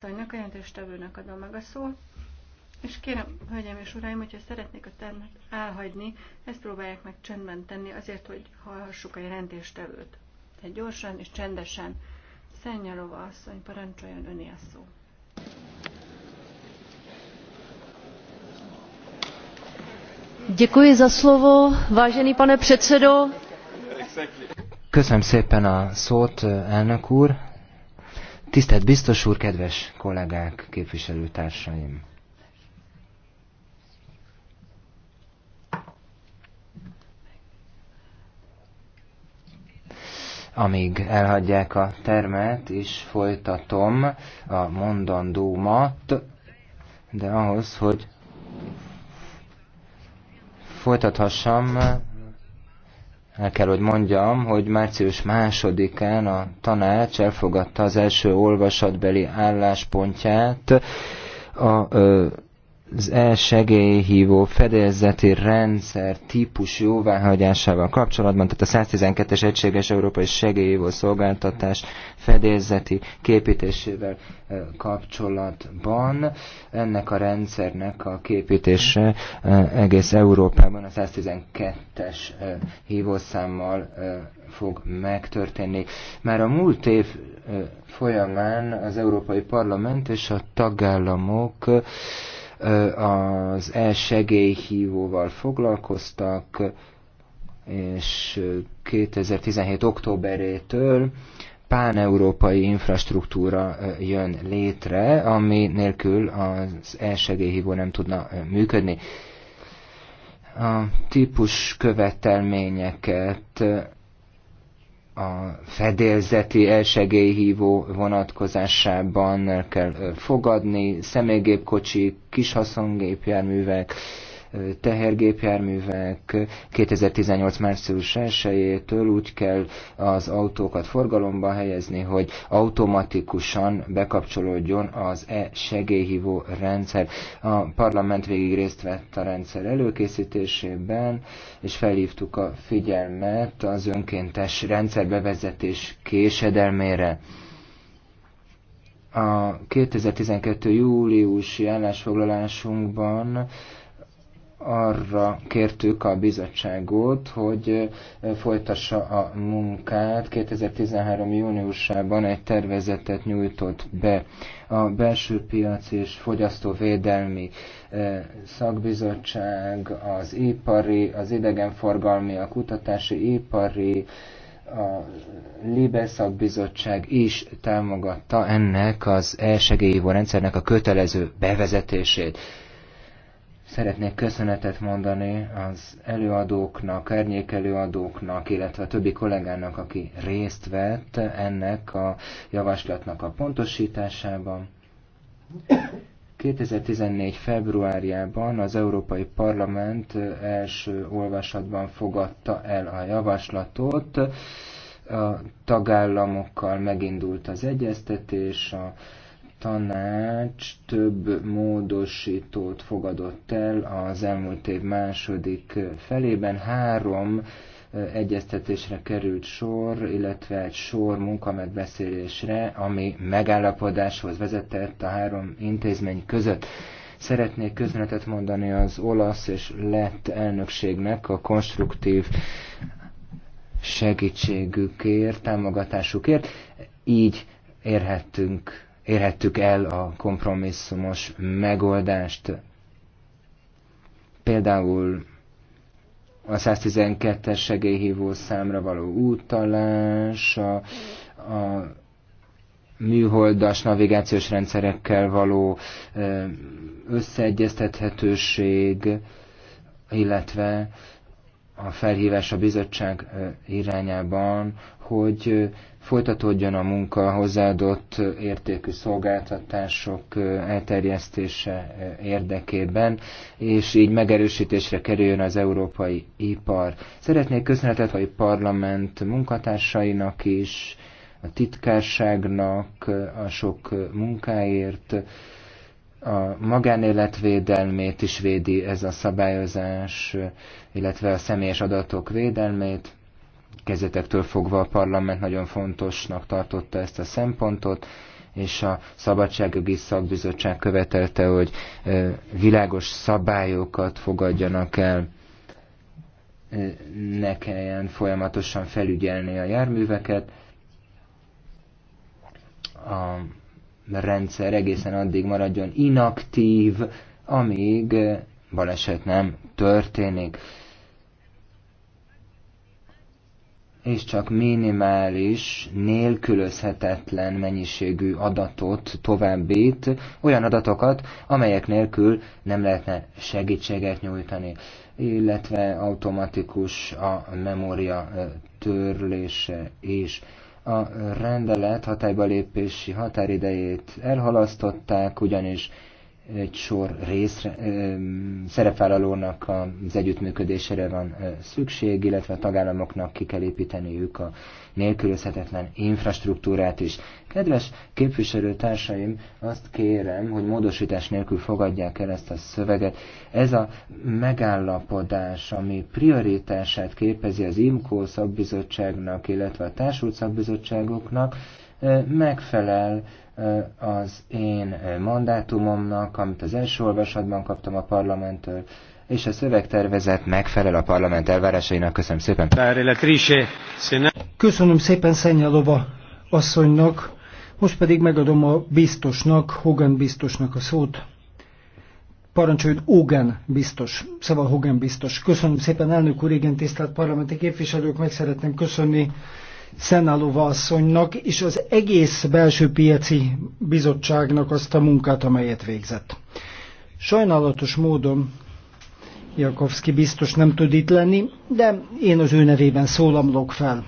Tannak, a jelentéstevőnek adom meg a szót. És kérem, hölgyeim és uraim, hogyha szeretnék a termet elhagyni, ezt próbálják meg csendben tenni, azért, hogy hallhassuk a jelentéstevőt. Tehát gyorsan és csendesen. Szennyalova asszony, parancsoljon öné a szó. Děkuji za slovo, vážený pane předsedo. Köszönöm szépen a szót, elnök úr. Tisztelt biztos úr, kedves kollégák, képviselőtársaim! Amíg elhagyják a termet, és folytatom a mondandómat, de ahhoz, hogy folytathassam, el kell, hogy mondjam, hogy március másodikán a tanács elfogadta az első olvasatbeli álláspontját a ö, az elsegélyhívó fedélzeti rendszer típus jóváhagyásával kapcsolatban, tehát a 112-es egységes európai segélyhívó szolgáltatás fedélzeti képítésével eh, kapcsolatban. Ennek a rendszernek a képítése eh, egész Európában a 112-es eh, hívószámmal fog megtörténni. Már a múlt év folyamán az Európai Parlament és a tagállamok az elsegélyhívóval foglalkoztak, és 2017. októberétől páneurópai infrastruktúra jön létre, ami nélkül az elsegélyhívó nem tudna működni. A típus követelményeket a fedélzeti elsegélyhívó vonatkozásában el kell fogadni, személygépkocsik, kishaszongépjárművek, tehergépjárművek 2018 március 1-től úgy kell az autókat forgalomba helyezni, hogy automatikusan bekapcsolódjon az e-segélyhívó rendszer. A parlament végig részt vett a rendszer előkészítésében, és felhívtuk a figyelmet az önkéntes rendszerbevezetés késedelmére a 2012. júliusi állásfoglalásunkban arra kértük a bizottságot, hogy folytassa a munkát. 2013. júniusában egy tervezetet nyújtott be a belső piac és fogyasztóvédelmi szakbizottság, az ipari, az idegenforgalmi, a kutatási ipari, a Libe szakbizottság is támogatta ennek az elsegélyhívó rendszernek a kötelező bevezetését. Szeretnék köszönetet mondani az előadóknak, árnyékelőadóknak, illetve a többi kollégának, aki részt vett ennek a javaslatnak a pontosításában. 2014. februárjában az Európai Parlament első olvasatban fogadta el a javaslatot, a tagállamokkal megindult az egyeztetés, a tanács több módosítót fogadott el az elmúlt év második felében. Három egyeztetésre került sor, illetve egy sor munkamegbeszélésre, ami megállapodáshoz vezetett a három intézmény között. Szeretnék közönetet mondani az olasz és lett elnökségnek a konstruktív segítségükért, támogatásukért. Így érhettünk érhettük el a kompromisszumos megoldást. Például a 112-es segélyhívó számra való útalás, a, a műholdas navigációs rendszerekkel való összeegyeztethetőség, illetve a felhívás a bizottság irányában, hogy folytatódjon a munka hozzáadott értékű szolgáltatások elterjesztése érdekében, és így megerősítésre kerüljön az európai ipar. Szeretnék köszönetet a parlament munkatársainak is, a titkárságnak a sok munkáért, a magánéletvédelmét is védi ez a szabályozás, illetve a személyes adatok védelmét kezdetektől fogva a parlament nagyon fontosnak tartotta ezt a szempontot, és a Szabadságjogi Szakbizottság követelte, hogy világos szabályokat fogadjanak el, ne kelljen folyamatosan felügyelni a járműveket. A rendszer egészen addig maradjon inaktív, amíg baleset nem történik. és csak minimális, nélkülözhetetlen mennyiségű adatot továbbít, olyan adatokat, amelyek nélkül nem lehetne segítséget nyújtani, illetve automatikus a memória törlése is. A rendelet hatályba lépési határidejét elhalasztották, ugyanis egy sor rész szerepvállalónak az együttműködésére van szükség, illetve a tagállamoknak ki kell építeniük a nélkülözhetetlen infrastruktúrát is. Kedves képviselőtársaim, azt kérem, hogy módosítás nélkül fogadják el ezt a szöveget. Ez a megállapodás, ami prioritását képezi az IMCO szakbizottságnak, illetve a társult szakbizottságoknak, megfelel az én mandátumomnak, amit az első olvasatban kaptam a parlamenttől, és a szövegtervezet megfelel a parlament elvárásainak. Köszönöm szépen. Köszönöm szépen Szenyalova asszonynak. Most pedig megadom a biztosnak, Hogan biztosnak a szót. Parancsoljon Hogan biztos, szóval Hogan biztos. Köszönöm szépen, elnök úr, igen, tisztelt parlamenti képviselők, meg szeretném köszönni Szenálova asszonynak és az egész belső piaci bizottságnak azt a munkát, amelyet végzett. Sajnálatos módon Jakovszki biztos nem tud itt lenni, de én az ő nevében szólamlok fel.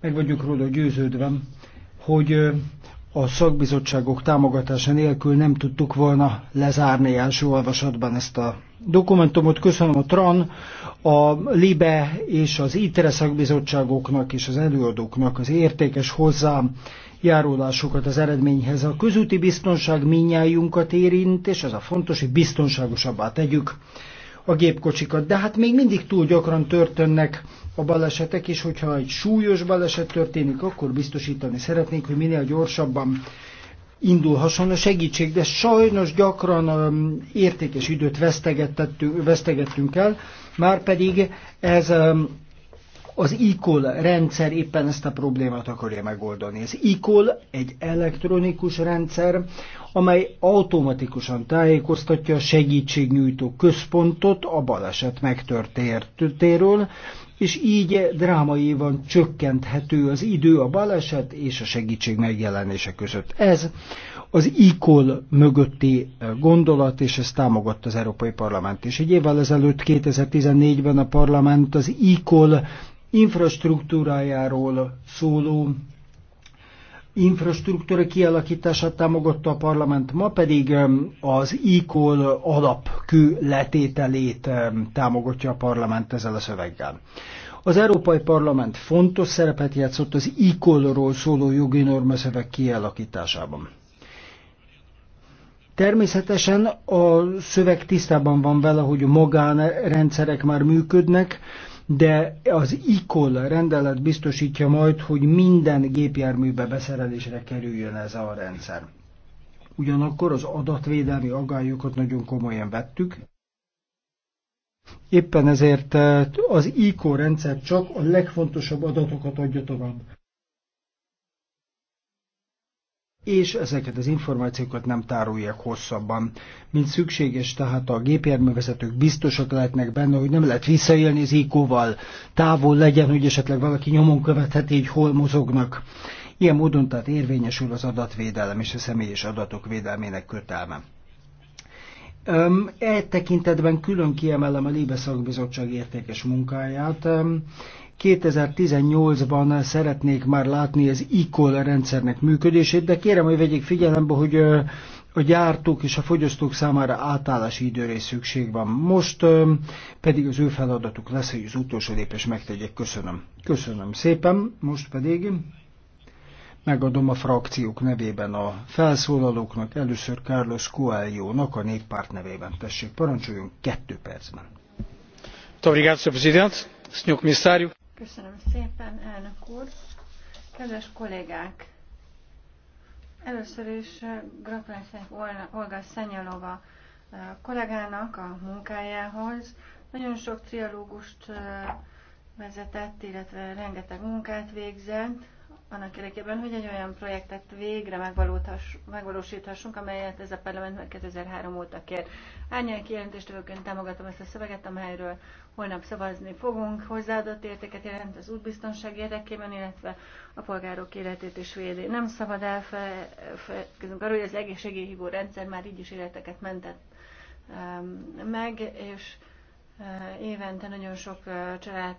Meg vagyunk róla győződve, hogy a szakbizottságok támogatása nélkül nem tudtuk volna lezárni első olvasatban ezt a dokumentumot. Köszönöm a TRAN, a LIBE és az ITRE szakbizottságoknak és az előadóknak az értékes hozzám járulásokat az eredményhez. A közúti biztonság minnyájunkat érint, és az a fontos, hogy biztonságosabbá tegyük a gépkocsikat. De hát még mindig túl gyakran történnek a balesetek, és hogyha egy súlyos baleset történik, akkor biztosítani szeretnénk, hogy minél gyorsabban indulhasson a segítség, de sajnos gyakran um, értékes időt vesztegettünk, el, már pedig ez um, az ICOL rendszer éppen ezt a problémát akarja megoldani. Az ICOL egy elektronikus rendszer, amely automatikusan tájékoztatja a segítségnyújtó központot a baleset megtörténtéről, és így drámaiban csökkenthető az idő a baleset és a segítség megjelenése között. Ez az ICOL mögötti eh, gondolat, és ezt támogatta az Európai Parlament is. Egy évvel ezelőtt, 2014-ben a parlament az ICOL infrastruktúrájáról szóló infrastruktúra kialakítását támogatta a parlament, ma pedig az ICOL alapkő letételét támogatja a parlament ezzel a szöveggel. Az Európai Parlament fontos szerepet játszott az ICOL-ról szóló jogi normaszöveg kialakításában. Természetesen a szöveg tisztában van vele, hogy a magánrendszerek már működnek, de az ICOL rendelet biztosítja majd, hogy minden gépjárműbe beszerelésre kerüljön ez a rendszer. Ugyanakkor az adatvédelmi agályokat nagyon komolyan vettük, Éppen ezért eh, az ICO rendszer csak a legfontosabb adatokat adja tovább. és ezeket az információkat nem tárolják hosszabban, mint szükséges, tehát a gépjárművezetők biztosak lehetnek benne, hogy nem lehet visszaélni az IQ-val, távol legyen, hogy esetleg valaki nyomon követheti, hogy hol mozognak. Ilyen módon tehát érvényesül az adatvédelem és a személyes adatok védelmének kötelme. Um, e tekintetben külön kiemelem a Libe értékes munkáját. Um, 2018-ban szeretnék már látni az e rendszernek működését, de kérem, hogy vegyék figyelembe, hogy a gyártók és a fogyasztók számára átállási időre is szükség van. Most pedig az ő feladatuk lesz, hogy az utolsó lépés megtegyek Köszönöm. Köszönöm szépen. Most pedig megadom a frakciók nevében a felszólalóknak, először Carlos Coelho-nak a néppárt nevében. Tessék, parancsoljon kettő percben. Muito obrigado, Sr. Presidente, Sr. Comissário. Köszönöm szépen, elnök úr. Kedves kollégák! Először is eh, gratulálok Olga Szenyalova eh, kollégának a munkájához. Nagyon sok trialógust eh, vezetett, illetve rengeteg munkát végzett, annak érdekében, hogy egy olyan projektet végre megvalósíthassunk, amelyet ez a parlament meg 2003 óta kér. Árnyék jelentéstevőként támogatom ezt a szöveget, amelyről holnap szavazni fogunk. Hozzáadott értéket jelent az útbiztonság érdekében, illetve a polgárok életét is védi. Nem szabad elfelejtkezünk arról, hogy az egészségügyi rendszer már így is életeket mentett um, meg, és Évente nagyon sok család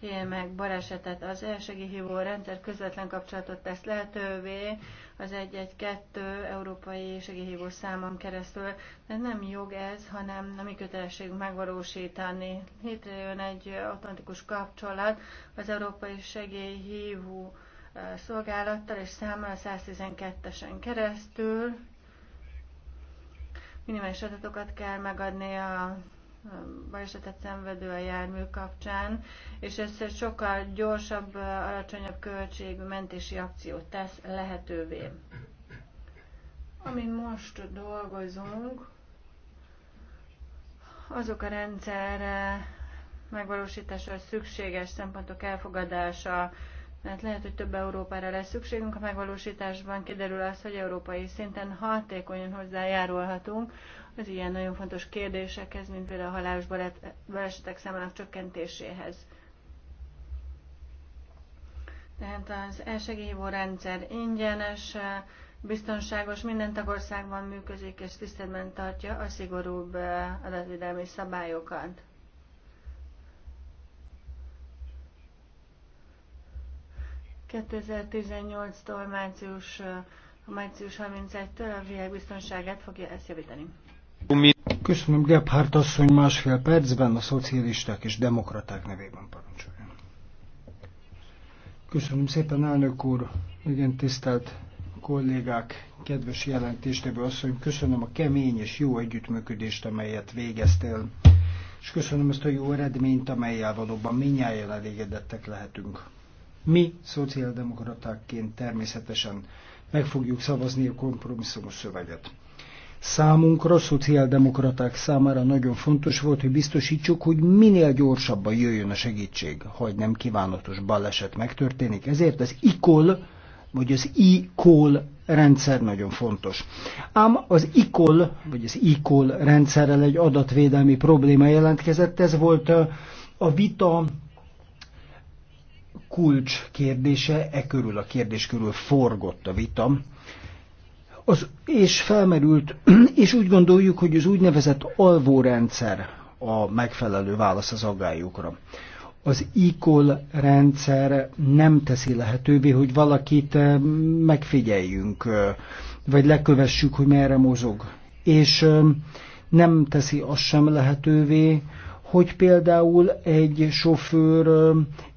él meg balesetet. Az elsegélyhívó rendszer közvetlen kapcsolatot tesz lehetővé az 112 európai segélyhívó számon keresztül, de nem jog ez, hanem a mi kötelességünk megvalósítani. Létrejön egy automatikus kapcsolat az európai segélyhívó szolgálattal és számmal 112-esen keresztül, Minimális adatokat kell megadni a balesetet szenvedő a jármű kapcsán, és ez sokkal gyorsabb, alacsonyabb költségű mentési akciót tesz lehetővé. Amin most dolgozunk, azok a rendszer eh, megvalósításra szükséges szempontok elfogadása, mert lehet, hogy több Európára lesz szükségünk. A megvalósításban kiderül az, hogy európai szinten hatékonyan hozzájárulhatunk az ilyen nagyon fontos kérdésekhez, mint például a halálos balesetek számának csökkentéséhez. Tehát az elsegélyhívó rendszer ingyenes, biztonságos, minden tagországban működik és tiszteletben tartja a szigorúbb eh, adatvédelmi szabályokat. 2018-tól március, március 31-től a biztonságát fogja ezt javítani. Köszönöm, Gebhardt asszony másfél percben a szocialisták és demokraták nevében parancsoljon. Köszönöm szépen, elnök úr, igen tisztelt kollégák, kedves jelentéstevő asszony, köszönöm a kemény és jó együttműködést, amelyet végeztél, és köszönöm ezt a jó eredményt, amelyel valóban minnyáján elégedettek lehetünk. Mi szociáldemokratákként természetesen meg fogjuk szavazni a kompromisszumos szöveget. Számunkra, szociáldemokraták számára nagyon fontos volt, hogy biztosítsuk, hogy minél gyorsabban jöjjön a segítség, ha egy nem kívánatos baleset megtörténik. Ezért az ICOL, vagy az ICOL rendszer nagyon fontos. Ám az ICOL, vagy az ICOL rendszerrel egy adatvédelmi probléma jelentkezett, ez volt a vita kulcs kérdése, e körül a kérdés körül forgott a vita, az, és felmerült, és úgy gondoljuk, hogy az úgynevezett alvórendszer a megfelelő válasz az aggályokra. Az ICOL rendszer nem teszi lehetővé, hogy valakit eh, megfigyeljünk, eh, vagy lekövessük, hogy merre mozog. És eh, nem teszi azt sem lehetővé, hogy például egy sofőr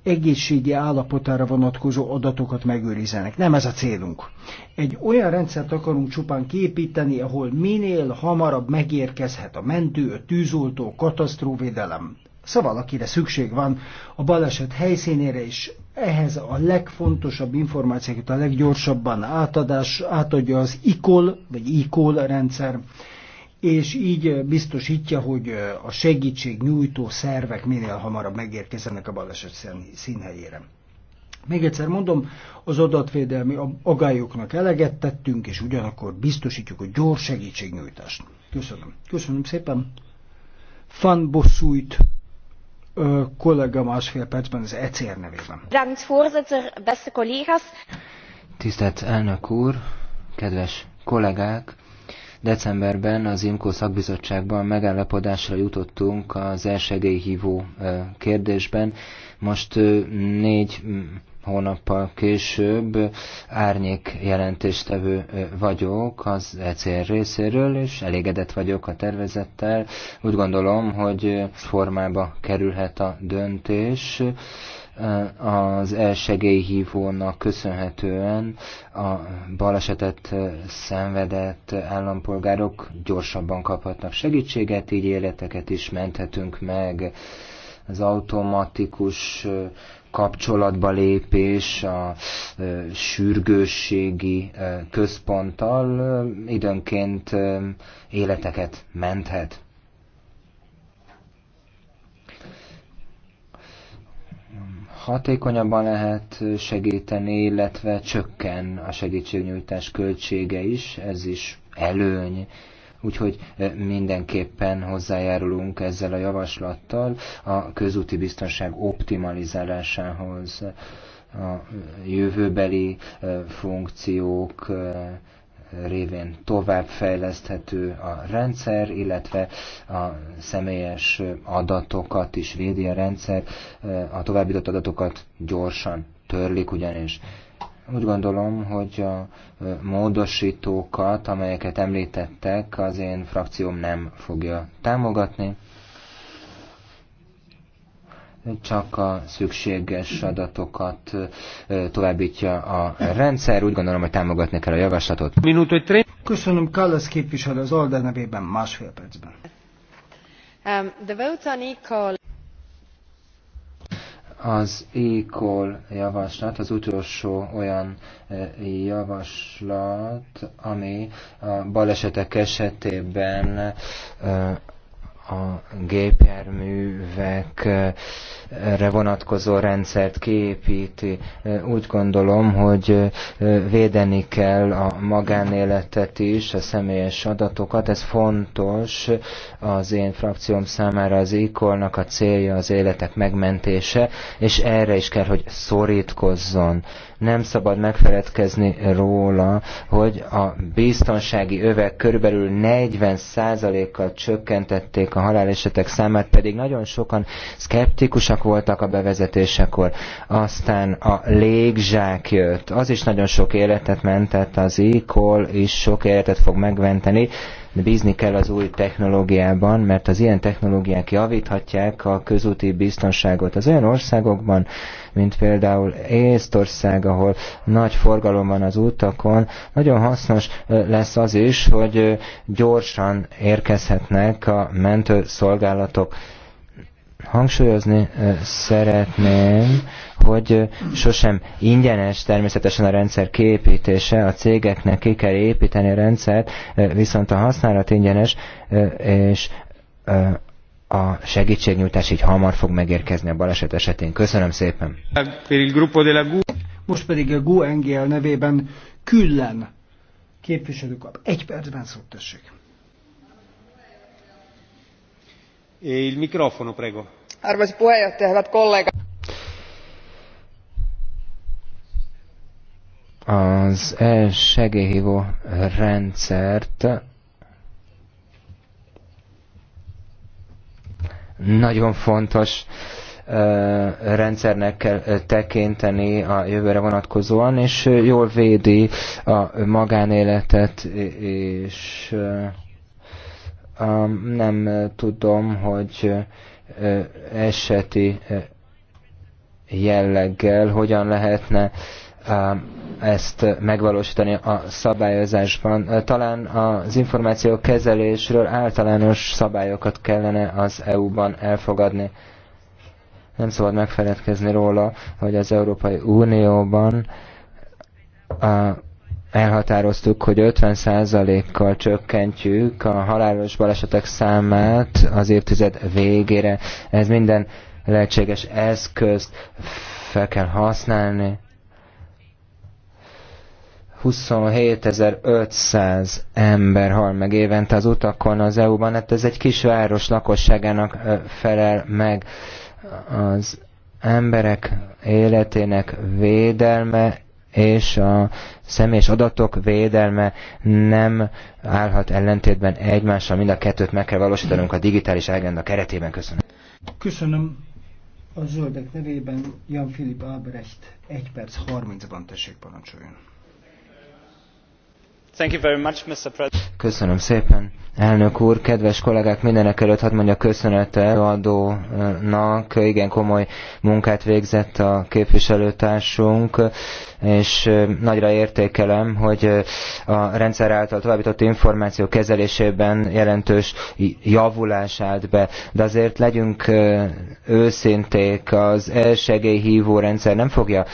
egészségi állapotára vonatkozó adatokat megőrizenek. Nem ez a célunk. Egy olyan rendszert akarunk csupán képíteni, ahol minél hamarabb megérkezhet a mentő, a tűzoltó, katasztróvédelem. Szóval akire szükség van a baleset helyszínére is, ehhez a legfontosabb információkat a leggyorsabban átadás, átadja az ICOL, vagy ICOL rendszer és így biztosítja, hogy a segítség nyújtó szervek minél hamarabb megérkezenek a baleset színhelyére. Még egyszer mondom, az adatvédelmi agályoknak eleget tettünk, és ugyanakkor biztosítjuk a gyors segítségnyújtást. Köszönöm. Köszönöm szépen. Fan Bosszújt kollega másfél percben az ECR nevében. Dank voorzitter, beste collega's. Tisztelt elnök úr, kedves kollégák, Decemberben az IMKO szakbizottságban megállapodásra jutottunk az elsegélyhívó kérdésben. Most négy hónappal később árnyék jelentéstevő vagyok az ECR részéről, és elégedett vagyok a tervezettel. Úgy gondolom, hogy formába kerülhet a döntés az elsegélyhívónak köszönhetően a balesetet szenvedett állampolgárok gyorsabban kaphatnak segítséget, így életeket is menthetünk meg. Az automatikus kapcsolatba lépés a sürgősségi központtal időnként életeket menthet. hatékonyabban lehet segíteni, illetve csökken a segítségnyújtás költsége is, ez is előny. Úgyhogy mindenképpen hozzájárulunk ezzel a javaslattal a közúti biztonság optimalizálásához, a jövőbeli funkciók révén továbbfejleszthető a rendszer, illetve a személyes adatokat is védi a rendszer, a továbbított adatokat gyorsan törlik ugyanis. Úgy gondolom, hogy a módosítókat, amelyeket említettek, az én frakcióm nem fogja támogatni csak a szükséges adatokat továbbítja a rendszer. Úgy gondolom, hogy támogatni kell a javaslatot. E Köszönöm Kallasz képviselő az Alda nevében másfél percben. Um, the on az ékol javaslat az utolsó olyan javaslat, ami a balesetek esetében a gépjárművekre vonatkozó rendszert kiépíti. Úgy gondolom, hogy védeni kell a magánéletet is, a személyes adatokat. Ez fontos az én frakcióm számára az ikolnak a célja az életek megmentése, és erre is kell, hogy szorítkozzon nem szabad megfeledkezni róla, hogy a biztonsági övek körülbelül 40%-kal csökkentették a halálesetek számát, pedig nagyon sokan szkeptikusak voltak a bevezetésekor. Aztán a légzsák jött, az is nagyon sok életet mentett, az e is sok életet fog megmenteni, Bízni kell az új technológiában, mert az ilyen technológiák javíthatják a közúti biztonságot. Az olyan országokban, mint például Észtország, ahol nagy forgalom van az utakon, nagyon hasznos lesz az is, hogy gyorsan érkezhetnek a mentőszolgálatok. Hangsúlyozni szeretném, hogy sosem ingyenes természetesen a rendszer kiépítése, a cégeknek ki kell építeni a rendszert, viszont a használat ingyenes, és a segítségnyújtás így hamar fog megérkezni a baleset esetén. Köszönöm szépen! Most pedig a GUNGL nevében küllen képviselők kap. Egy percben szót tessék. E il microfono, prego. Arvoisa puheenjohtaja, hyvät kollegat. az elsegélyhívó rendszert nagyon fontos rendszernek kell tekinteni a jövőre vonatkozóan, és jól védi a magánéletet, és nem tudom, hogy eseti jelleggel hogyan lehetne ezt megvalósítani a szabályozásban. Talán az információ kezelésről általános szabályokat kellene az EU-ban elfogadni. Nem szabad megfeledkezni róla, hogy az Európai Unióban elhatároztuk, hogy 50%-kal csökkentjük a halálos balesetek számát az évtized végére. Ez minden lehetséges eszközt fel kell használni 27.500 ember hal meg évente az utakon az EU-ban, hát ez egy kis város lakosságának felel meg. Az emberek életének védelme és a személyes adatok védelme nem állhat ellentétben egymással. Mind a kettőt meg kell valósítanunk a digitális agenda keretében. Köszönöm. Köszönöm. A zöldek nevében Jan Filip Albrecht 1 perc 30-ban tessék parancsoljon. Köszönöm szépen. Elnök úr, kedves kollégák, mindenek előtt hadd mondja köszönete adónak. Igen komoly munkát végzett a képviselőtársunk és nagyra értékelem, hogy a rendszer által továbbított információ kezelésében jelentős javulás állt be. De azért legyünk őszinték, az elsegélyhívó rendszer nem fogja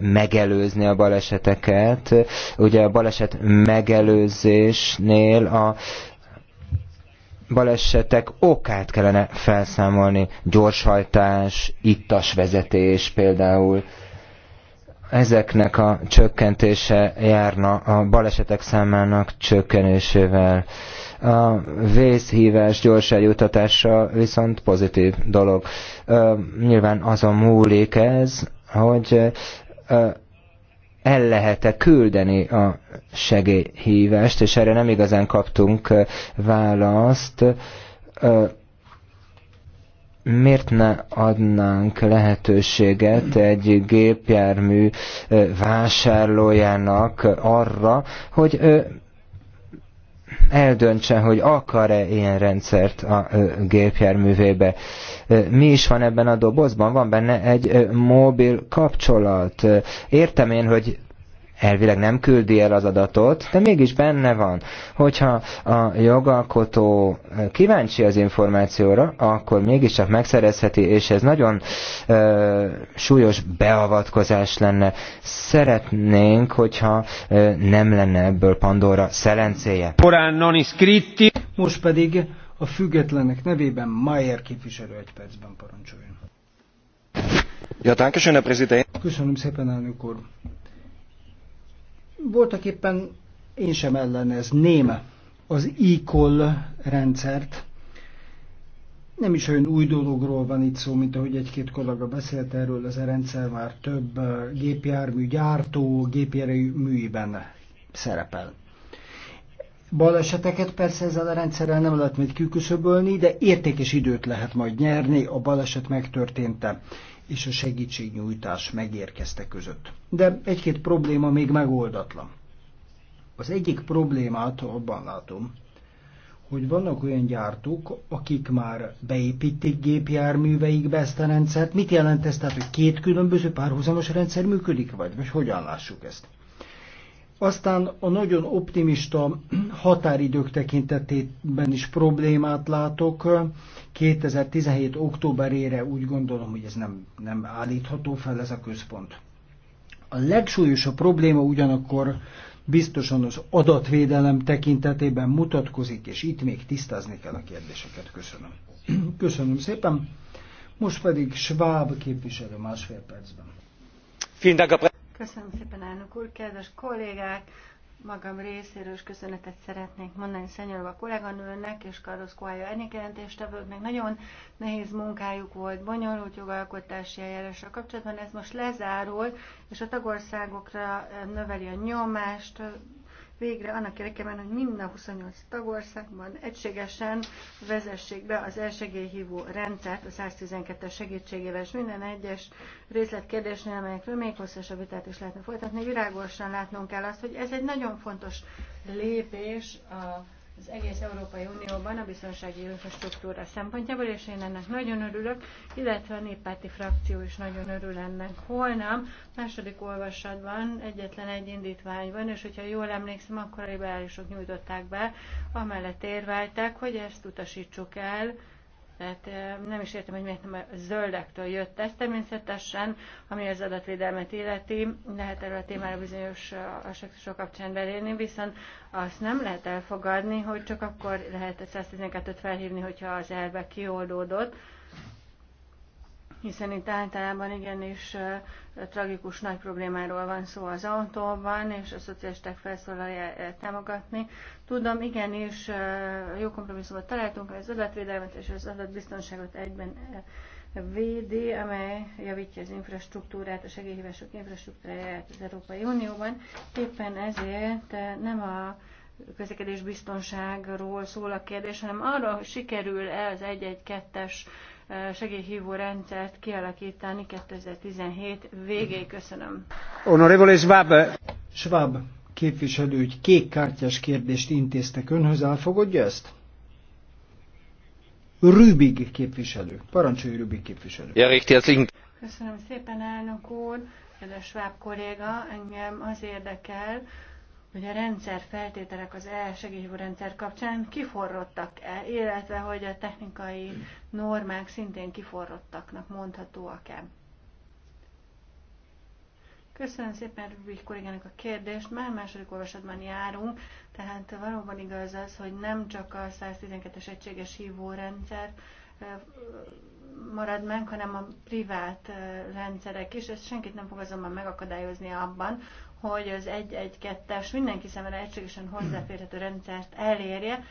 megelőzni a baleseteket. Ugye a baleset megelőzésnél a balesetek okát kellene felszámolni, gyorshajtás, ittas vezetés például ezeknek a csökkentése járna a balesetek számának csökkenésével. A vészhívás gyors eljutatása viszont pozitív dolog. Nyilván azon múlik ez, hogy el lehet-e küldeni a segélyhívást, és erre nem igazán kaptunk választ miért ne adnánk lehetőséget egy gépjármű vásárlójának arra, hogy eldöntse, hogy akar-e ilyen rendszert a gépjárművébe. Mi is van ebben a dobozban? Van benne egy mobil kapcsolat. Értem én, hogy elvileg nem küldi el az adatot, de mégis benne van. Hogyha a jogalkotó kíváncsi az információra, akkor mégiscsak megszerezheti, és ez nagyon ö, súlyos beavatkozás lenne. Szeretnénk, hogyha ö, nem lenne ebből Pandora szelencéje. Most pedig a függetlenek nevében Mayer képviselő egy percben parancsoljon. Ja, danke Köszönöm szépen, elnök úr voltak éppen én sem ellenez néme az e rendszert. Nem is olyan új dologról van itt szó, mint ahogy egy-két kollega beszélt erről, ez a rendszer már több gépjármű gyártó, gépjárműiben szerepel. Baleseteket persze ezzel a rendszerrel nem lehet még kiküszöbölni, de értékes időt lehet majd nyerni a baleset megtörténte és a segítségnyújtás megérkezte között. De egy-két probléma még megoldatlan. Az egyik problémát abban látom, hogy vannak olyan gyártók, akik már beépítik gépjárműveikbe ezt a rendszert. Mit jelent ez? Tehát, hogy két különböző párhuzamos rendszer működik, vagy, vagy hogyan lássuk ezt? Aztán a nagyon optimista határidők tekintetében is problémát látok. 2017. októberére úgy gondolom, hogy ez nem, nem állítható fel ez a központ. A legsúlyosabb probléma ugyanakkor biztosan az adatvédelem tekintetében mutatkozik, és itt még tisztázni kell a kérdéseket. Köszönöm. Köszönöm szépen. Most pedig Schwab képviselő másfél percben. Köszönöm szépen, elnök úr, kedves kollégák! Magam részéről is köszönetet szeretnék mondani Szenyorva kolléganőnek és Carlos Coelho elnékelentéstevőknek. Nagyon nehéz munkájuk volt, bonyolult jogalkotási eljárással kapcsolatban. Ez most lezárul, és a tagországokra növeli a nyomást, végre annak érdekében, hogy minden 28 tagországban egységesen vezessék be az elsegélyhívó rendszert a 112-es segítségével, és minden egyes részletkérdésnél, amelyekről még hosszasabb vitát is lehetne folytatni, világosan látnunk kell azt, hogy ez egy nagyon fontos lépés a az egész Európai Unióban a biztonsági infrastruktúra szempontjából, és én ennek nagyon örülök, illetve a néppárti frakció is nagyon örül ennek. Holnap második olvasatban egyetlen egy indítvány van, és hogyha jól emlékszem, akkor a liberálisok nyújtották be, amellett érveltek, hogy ezt utasítsuk el, tehát nem is értem, hogy miért nem a zöldektől jött ez. Természetesen, ami az adatvédelmet illeti, lehet erről a témára bizonyos aspektusok kapcsán belérni, viszont azt nem lehet elfogadni, hogy csak akkor lehet 112-t felhívni, hogyha az elve kioldódott, hiszen itt általában igenis tragikus nagy problémáról van szó az autóban, és a szocialisták felszólalja támogatni. Tudom, igenis jó kompromisszumot találtunk, az adatvédelmet és az adatbiztonságot egyben védi, amely javítja az infrastruktúrát, a segélyhívások infrastruktúráját az Európai Unióban. Éppen ezért nem a közlekedés biztonságról szól a kérdés, hanem arról, hogy sikerül-e az 112-es segélyhívó rendszert kialakítani 2017 végéig. Köszönöm. Honorable Schwab. Schwab képviselő hogy kék kártyás kérdést intéztek önhöz, elfogadja ezt? Rübig képviselő. Parancsolj Rübig képviselő. Ja, Köszönöm szépen, elnök úr. Kedves Schwab kolléga, engem az érdekel, hogy a rendszer feltételek az elsegélyhívó rendszer kapcsán kiforrottak-e, illetve hogy a technikai normák szintén kiforrottaknak mondhatóak-e. Köszönöm szépen Rubik kollégának a kérdést. Már második olvasatban járunk, tehát valóban igaz az, hogy nem csak a 112-es egységes hívórendszer marad meg, hanem a privát rendszerek is. Ezt senkit nem fog azonban megakadályozni abban, hogy az egy es mindenki számára egységesen hozzáférhető rendszert elérje,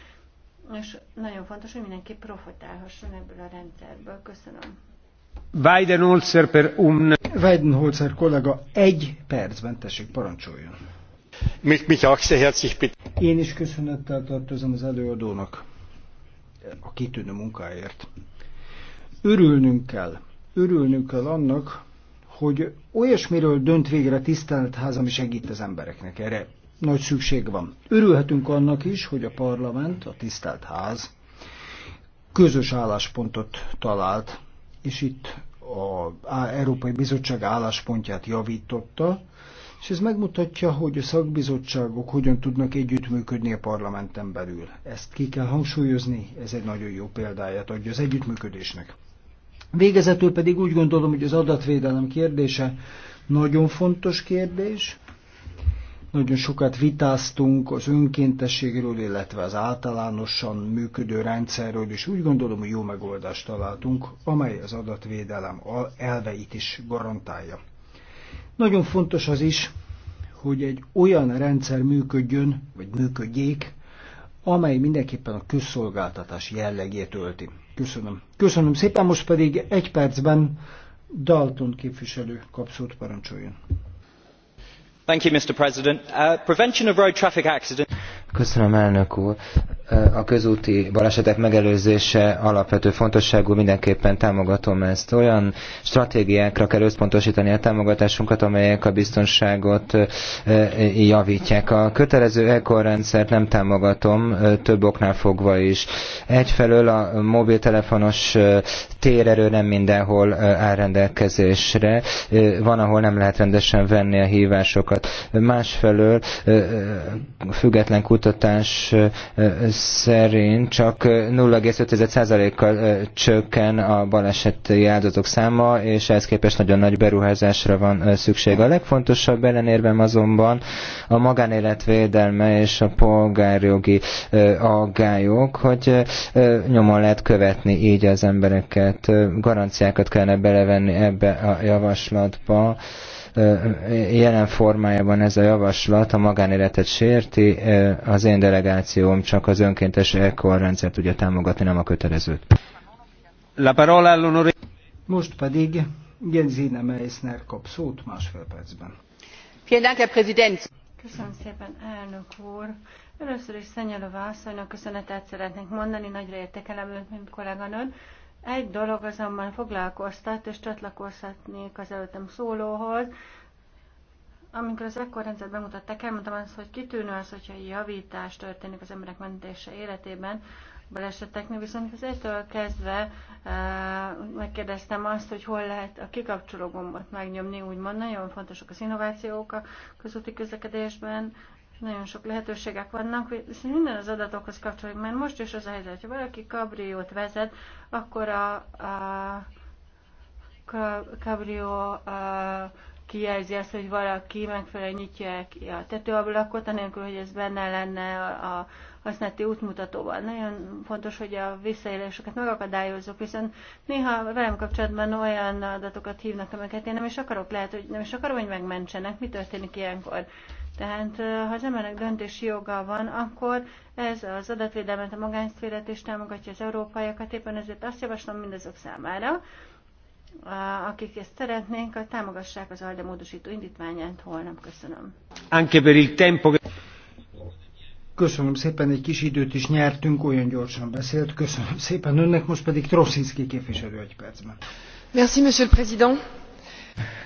és nagyon fontos, hogy mindenki profitálhasson ebből a rendszerből. Köszönöm. Weidenholzer per um... Weidenholzer kollega egy percben tessék parancsoljon. Mit, mit auch herzlich bitte. Én is köszönettel tartozom az előadónak a kitűnő munkáért. Örülnünk kell, örülnünk kell annak, hogy olyasmiről dönt végre tisztelt ház, ami segít az embereknek. Erre nagy szükség van. Örülhetünk annak is, hogy a parlament, a tisztelt ház közös álláspontot talált, és itt a Európai Bizottság álláspontját javította, és ez megmutatja, hogy a szakbizottságok hogyan tudnak együttműködni a parlamenten belül. Ezt ki kell hangsúlyozni, ez egy nagyon jó példáját adja az együttműködésnek. Végezetül pedig úgy gondolom, hogy az adatvédelem kérdése nagyon fontos kérdés. Nagyon sokat vitáztunk az önkéntességről, illetve az általánosan működő rendszerről, és úgy gondolom, hogy jó megoldást találtunk, amely az adatvédelem elveit is garantálja. Nagyon fontos az is, hogy egy olyan rendszer működjön, vagy működjék, amely mindenképpen a közszolgáltatás jellegét ölti. Köszönöm. Köszönöm szépen, most pedig egy percben Dalton képviselő kapszót parancsoljon. Thank you, Mr. President. Uh, prevention of road traffic accidents. Köszönöm, elnök úr a közúti balesetek megelőzése alapvető fontosságú, mindenképpen támogatom ezt. Olyan stratégiákra kell összpontosítani a támogatásunkat, amelyek a biztonságot javítják. A kötelező ekorrendszert nem támogatom, több oknál fogva is. Egyfelől a mobiltelefonos térerő nem mindenhol áll rendelkezésre, van, ahol nem lehet rendesen venni a hívásokat. Másfelől független kutatás szerint csak 0,5%-kal csökken a baleseti áldozatok száma, és ehhez képest nagyon nagy beruházásra van szükség. A legfontosabb ellenérvem azonban a magánéletvédelme és a polgárjogi aggályok, hogy nyomon lehet követni így az embereket, garanciákat kellene belevenni ebbe a javaslatba, Jelen formájában ez a javaslat a magánéletet sérti, az én delegációm csak az önkéntes ECOR tudja támogatni, nem a kötelezőt. La parola all'onore... Most pedig Genzina Meissner kap szót másfél percben. Köszönöm szépen, elnök úr. Először is Szenyelova asszonynak köszönetet szeretnék mondani, nagyra értekelem őt, mint kolléganőt. Egy dolog azonban foglalkoztat, és csatlakozhatnék az előttem szólóhoz. Amikor az ekkor rendszert bemutatták, elmondtam azt, hogy kitűnő az, hogyha javítás történik az emberek mentése életében, baleseteknél, viszont egytől kezdve uh, megkérdeztem azt, hogy hol lehet a kikapcsoló gombot megnyomni, úgymond nagyon fontosak az innovációk a közúti közlekedésben, nagyon sok lehetőségek vannak, viszont minden az adatokhoz kapcsolódik, mert most is az a helyzet, hogy valaki kabriót vezet, akkor a, a kabrió a, kijelzi azt, hogy valaki megfelelően nyitja ki a tetőablakot, anélkül, hogy ez benne lenne a, a használati útmutatóval. Nagyon fontos, hogy a visszaéléseket megakadályozzuk, viszont néha velem kapcsolatban olyan adatokat hívnak, amiket én nem is akarok, lehet, hogy nem is akarom, hogy megmentsenek. Mi történik ilyenkor? Tehát ha az embernek döntési joga van, akkor ez az adatvédelmet, a magánszféret is támogatja az európaiakat, éppen ezért azt javaslom mindazok számára, akik ezt szeretnénk, támogassák az ALDE indítványát holnap. Köszönöm. Anche per il tempo. Köszönöm szépen, egy kis időt is nyertünk, olyan gyorsan beszélt. Köszönöm szépen önnek, most pedig Troszinski képviselő egy percben. Merci, monsieur le président.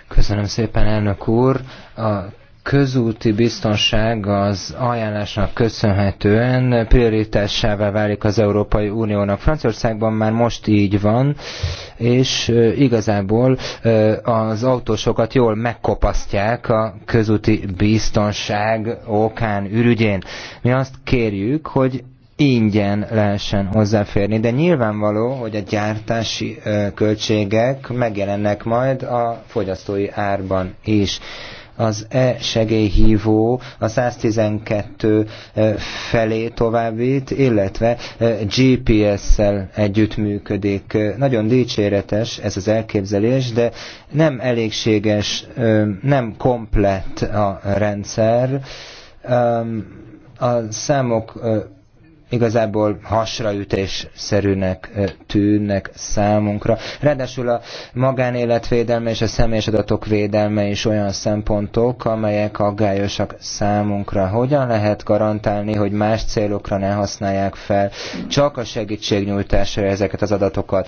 Köszönöm szépen, elnök úr. A közúti biztonság az ajánlásnak köszönhetően prioritásává válik az Európai Uniónak. Franciaországban már most így van, és igazából az autósokat jól megkopasztják a közúti biztonság okán, ürügyén. Mi azt kérjük, hogy ingyen lehessen hozzáférni, de nyilvánvaló, hogy a gyártási költségek megjelennek majd a fogyasztói árban is az e-segélyhívó a 112 e, felé továbbít, illetve e, GPS-szel együttműködik. E, nagyon dicséretes ez az elképzelés, de nem elégséges, nem komplett a rendszer. A számok igazából hasraütésszerűnek tűnnek számunkra. Ráadásul a magánéletvédelme és a személyes adatok védelme is olyan szempontok, amelyek aggályosak számunkra. Hogyan lehet garantálni, hogy más célokra ne használják fel csak a segítségnyújtásra ezeket az adatokat?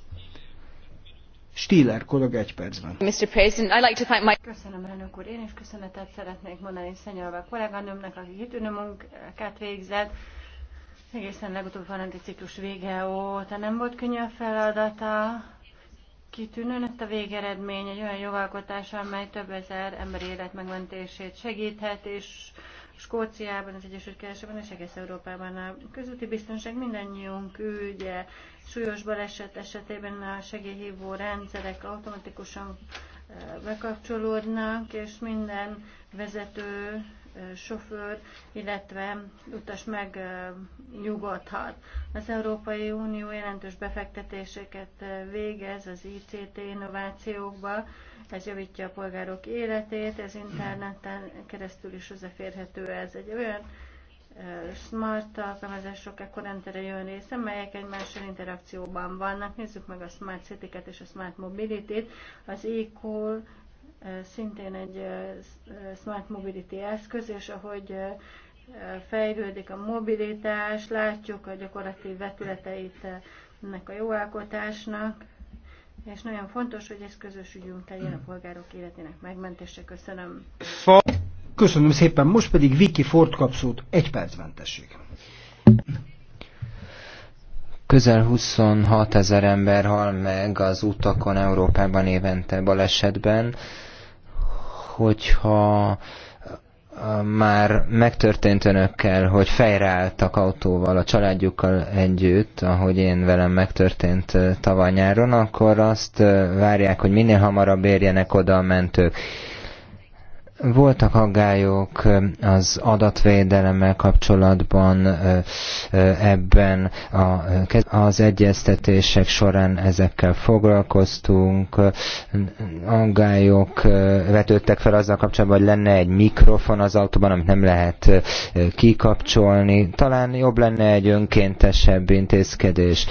Stíler kollega egy percben. Mr. President, I'd like to thank my... Köszönöm, elnök úr. Én is köszönetet szeretnék mondani Szenyelve kolléganőmnek, aki kitűnő munkát végzett. Egészen legutóbb parlamenti ciklus vége óta nem volt könnyű a feladata. Kitűnő lett a végeredmény, egy olyan jogalkotás, amely több ezer ember élet megmentését segíthet, és Skóciában, az Egyesült Királyságban és egész Európában a közúti biztonság mindannyiunk ügye. Súlyos baleset esetében a segélyhívó rendszerek automatikusan eh, bekapcsolódnak, és minden vezető sofőr, illetve utas megnyugodhat. Az Európai Unió jelentős befektetéseket végez az ICT innovációkba, ez javítja a polgárok életét, ez interneten keresztül is hozzáférhető. Ez egy olyan smart alkalmazások ekkorán jön része, melyek egymással interakcióban vannak. Nézzük meg a Smart city és a Smart Mobility-t. Az e szintén egy smart mobility eszköz, és ahogy fejlődik a mobilitás, látjuk a gyakorlati vetületeit ennek a jó alkotásnak, és nagyon fontos, hogy ez közös ügyünk legyen a polgárok életének megmentése. Köszönöm. Köszönöm szépen, most pedig Viki Ford kapszót szót. Egy percben tessék. Közel 26 ezer ember hal meg az utakon Európában évente balesetben hogyha már megtörtént önökkel, hogy fejreálltak autóval a családjukkal együtt, ahogy én velem megtörtént tavaly nyáron, akkor azt várják, hogy minél hamarabb érjenek oda a mentők. Voltak aggályok az adatvédelemmel kapcsolatban ebben a, az egyeztetések során ezekkel foglalkoztunk. Aggályok vetődtek fel azzal kapcsolatban, hogy lenne egy mikrofon az autóban, amit nem lehet kikapcsolni. Talán jobb lenne egy önkéntesebb intézkedés.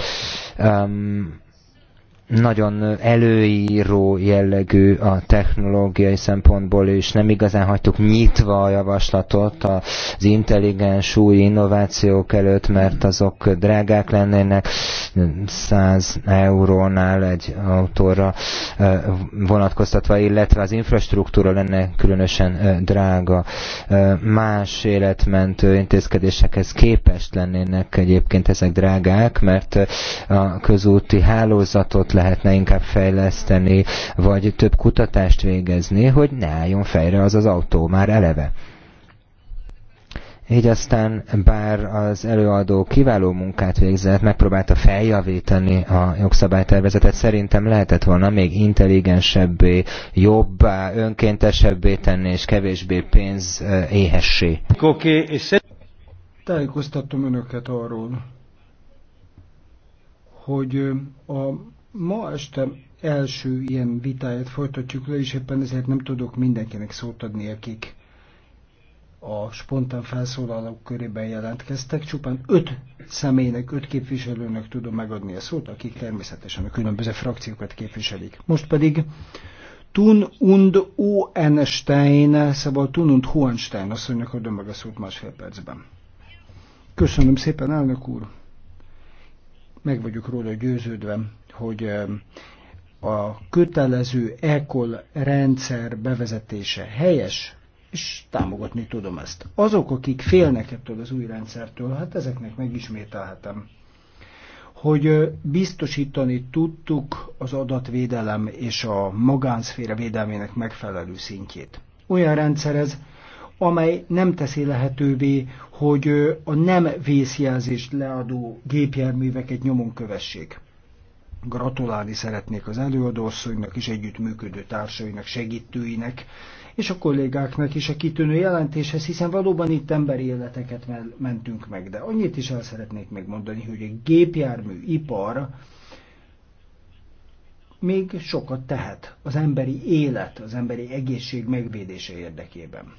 Um, nagyon előíró jellegű a technológiai szempontból, és nem igazán hagytuk nyitva a javaslatot az intelligens új innovációk előtt, mert azok drágák lennének, 100 eurónál egy autóra vonatkoztatva, illetve az infrastruktúra lenne különösen drága. Más életmentő intézkedésekhez képest lennének egyébként ezek drágák, mert a közúti hálózatot lehetne inkább fejleszteni, vagy több kutatást végezni, hogy ne álljon fejre az az autó már eleve. Így aztán, bár az előadó kiváló munkát végzett, megpróbálta feljavítani a jogszabálytervezetet, szerintem lehetett volna még intelligensebbé, jobbá, önkéntesebbé tenni, és kevésbé pénz éhessé. Tájékoztattam önöket arról, hogy a Ma este első ilyen vitáját folytatjuk le, és éppen ezért nem tudok mindenkinek szót adni, akik a spontán felszólalók körében jelentkeztek. Csupán öt személynek, öt képviselőnek tudom megadni a szót, akik természetesen a különböző frakciókat képviselik. Most pedig Tun und Hohenstein, szóval Tun und Hohenstein asszonynak adom meg a szót másfél percben. Köszönöm szépen, elnök úr! Meg vagyok róla győződve, hogy a kötelező ECOL rendszer bevezetése helyes, és támogatni tudom ezt. Azok, akik félnek ettől az új rendszertől, hát ezeknek megismételhetem, hogy biztosítani tudtuk az adatvédelem és a magánszféra védelmének megfelelő szintjét. Olyan rendszer ez, amely nem teszi lehetővé, hogy a nem vészjelzést leadó gépjárműveket nyomon kövessék. Gratulálni szeretnék az előadóasszonynak és együttműködő társainak, segítőinek, és a kollégáknak is a kitűnő jelentéshez, hiszen valóban itt emberi életeket mentünk meg. De annyit is el szeretnék megmondani, hogy a gépjármű ipar még sokat tehet az emberi élet, az emberi egészség megvédése érdekében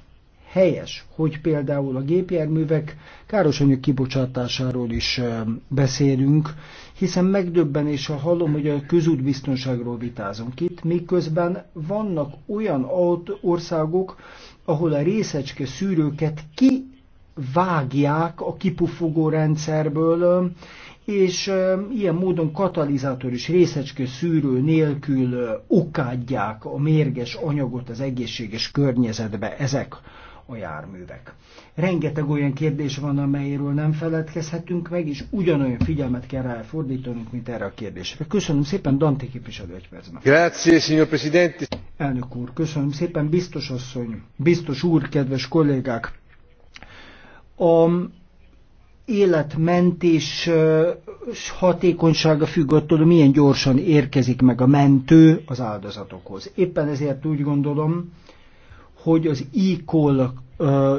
helyes, hogy például a gépjárművek károsanyag kibocsátásáról is beszélünk, hiszen megdöbben és a hallom, hogy a közútbiztonságról vitázunk itt, miközben vannak olyan országok, ahol a részecske szűrőket kivágják a kipufogó rendszerből, és ilyen módon katalizátor és részecske szűrő nélkül okádják a mérges anyagot az egészséges környezetbe ezek a járművek. Rengeteg olyan kérdés van, amelyről nem feledkezhetünk meg, és ugyanolyan figyelmet kell ráfordítanunk, fordítanunk, mint erre a kérdésre. Köszönöm szépen, Dante képviselő egy percben. Grazie, signor Presidente. Elnök úr, köszönöm szépen, biztos asszony, biztos úr, kedves kollégák. A életmentés hatékonysága függ attól, milyen gyorsan érkezik meg a mentő az áldozatokhoz. Éppen ezért úgy gondolom, hogy az e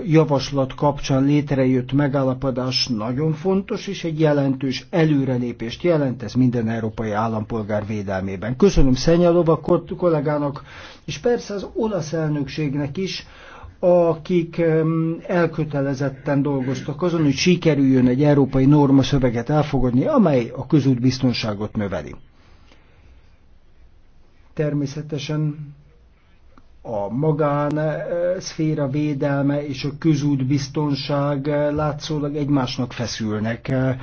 javaslat kapcsán létrejött megállapodás nagyon fontos, és egy jelentős előrelépést jelent ez minden európai állampolgár védelmében. Köszönöm Szenyalova kollégának, és persze az olasz elnökségnek is, akik elkötelezetten dolgoztak azon, hogy sikerüljön egy európai norma szöveget elfogadni, amely a közút biztonságot növeli. Természetesen a magán eh, szféra védelme és a közút biztonság eh, látszólag egymásnak feszülnek. Eh,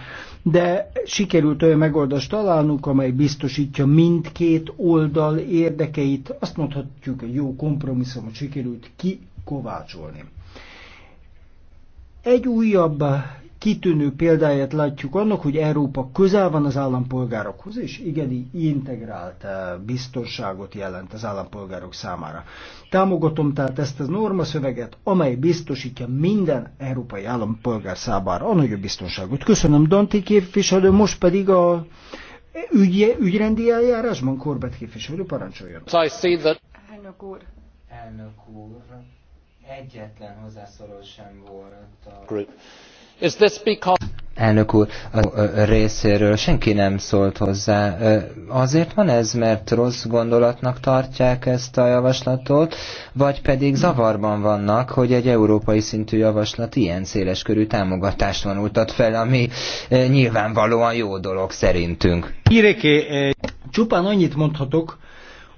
de sikerült olyan megoldást találnunk, amely biztosítja mindkét oldal érdekeit. Azt mondhatjuk, egy jó kompromisszumot sikerült kikovácsolni. Egy újabb kitűnő példáját látjuk annak, hogy Európa közel van az állampolgárokhoz, és igeni integrált eh, biztonságot jelent az állampolgárok számára. Támogatom tehát ezt a norma szöveget, amely biztosítja minden európai állampolgár számára a nagyobb biztonságot. Köszönöm, Danti képviselő, most pedig a ügy, ügyrendi eljárásban Korbett képviselő parancsoljon. Elnök úr. Elnök úr. Egyetlen hozzászóló sem volt a... Group Elnök úr, a részéről senki nem szólt hozzá. Azért van ez, mert rossz gondolatnak tartják ezt a javaslatot, vagy pedig zavarban vannak, hogy egy európai szintű javaslat ilyen széleskörű támogatást vonultat fel, ami nyilvánvalóan jó dolog szerintünk. Csupán annyit mondhatok,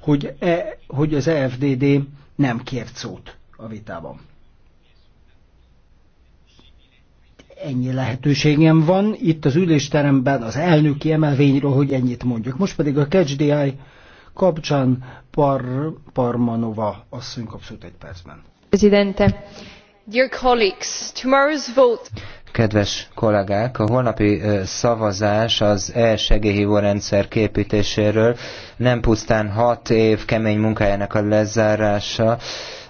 hogy, e, hogy az EFDD nem kért szót a vitában. ennyi lehetőségem van itt az ülésteremben, az elnöki emelvényről, hogy ennyit mondjuk. Most pedig a KCDI kapcsán Par, Parmanova asszony kapszót egy percben. Presidente, dear colleagues, tomorrow's vote kedves kollégák, a holnapi szavazás az e-segélyhívó rendszer képítéséről nem pusztán hat év kemény munkájának a lezárása,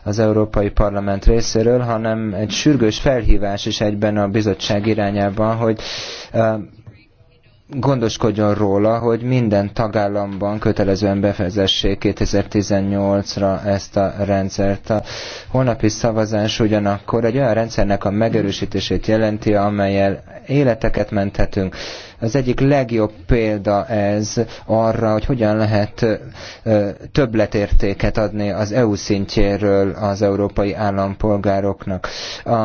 az Európai Parlament részéről, hanem egy sürgős felhívás is egyben a bizottság irányában, hogy gondoskodjon róla, hogy minden tagállamban kötelezően befezessék 2018-ra ezt a rendszert. A holnapi szavazás ugyanakkor egy olyan rendszernek a megerősítését jelenti, amelyel életeket menthetünk, az egyik legjobb példa ez arra, hogy hogyan lehet többletértéket adni az EU szintjéről az európai állampolgároknak. A